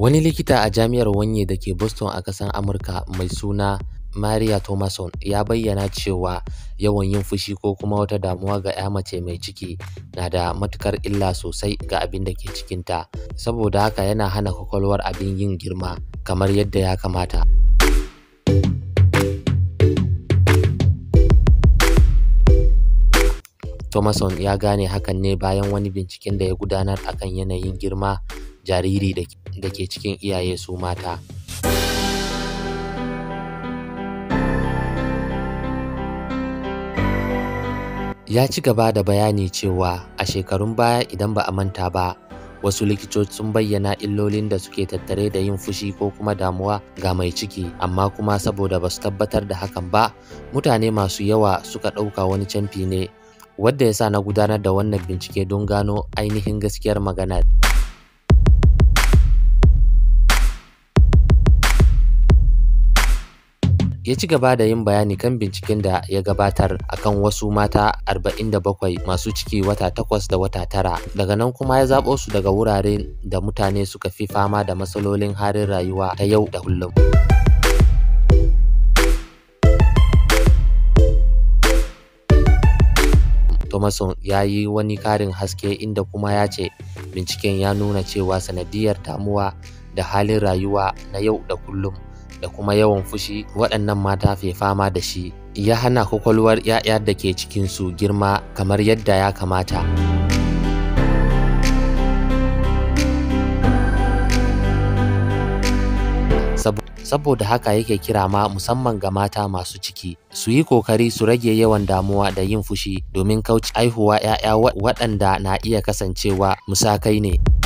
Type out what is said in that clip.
Wani likita a jami'ar Wanye da ke Boston a kasan Amurka mai suna Maria Thomason ya bayyana cewa yawan yin fushi ko kuma wata damuwa ga 'ya mace mai ciki na da matukar illa sosai ga abin da ke cikinta, saboda haka yana hana kwakwalwar abin yin girma kamar yadda ya kamata. Thomason ya gane hakan ne bayan wani binciken da ya gudanar akan yanayin girma jariri da da ke cikin iyaye su mata. Ya ci gaba da bayani cewa a shekarun baya idan ba a manta ba, wasu likitoci sun bayyana illolin da suke tattare da yin fushi ko kuma damuwa ga mai ciki amma kuma saboda ba su tabbatar da hakan ba mutane masu yawa suka ɗauka wani camfi ne wadda ya sa na gudanar da wannan bincike don gano ainihin gaskiyar maganar. ya ci gaba da yin bayani kan binciken da ya gabatar a kan wasu mata 47 masu ciki wata takwas da wata tara daga nan kuma ya zaɓo su daga wurare da mutane suka fi fama da matsalolin harin rayuwa ta yau da kullum. Thomason ya yi wani karin haske inda kuma ya ce binciken ya nuna cewa sanadiyar tamuwa da halin rayuwa na yau da kullum da kuma yawan fushi waɗannan mata fi fama da shi ya hana kwakwalwar 'ya'ya da ke cikin su girma kamar yadda ya kamata. saboda haka yake kira ma musamman ga mata masu ciki su yi kokari su rage yawan damuwa da yin fushi domin kauce aihuwa 'ya'ya waɗanda na iya kasancewa musakai ne.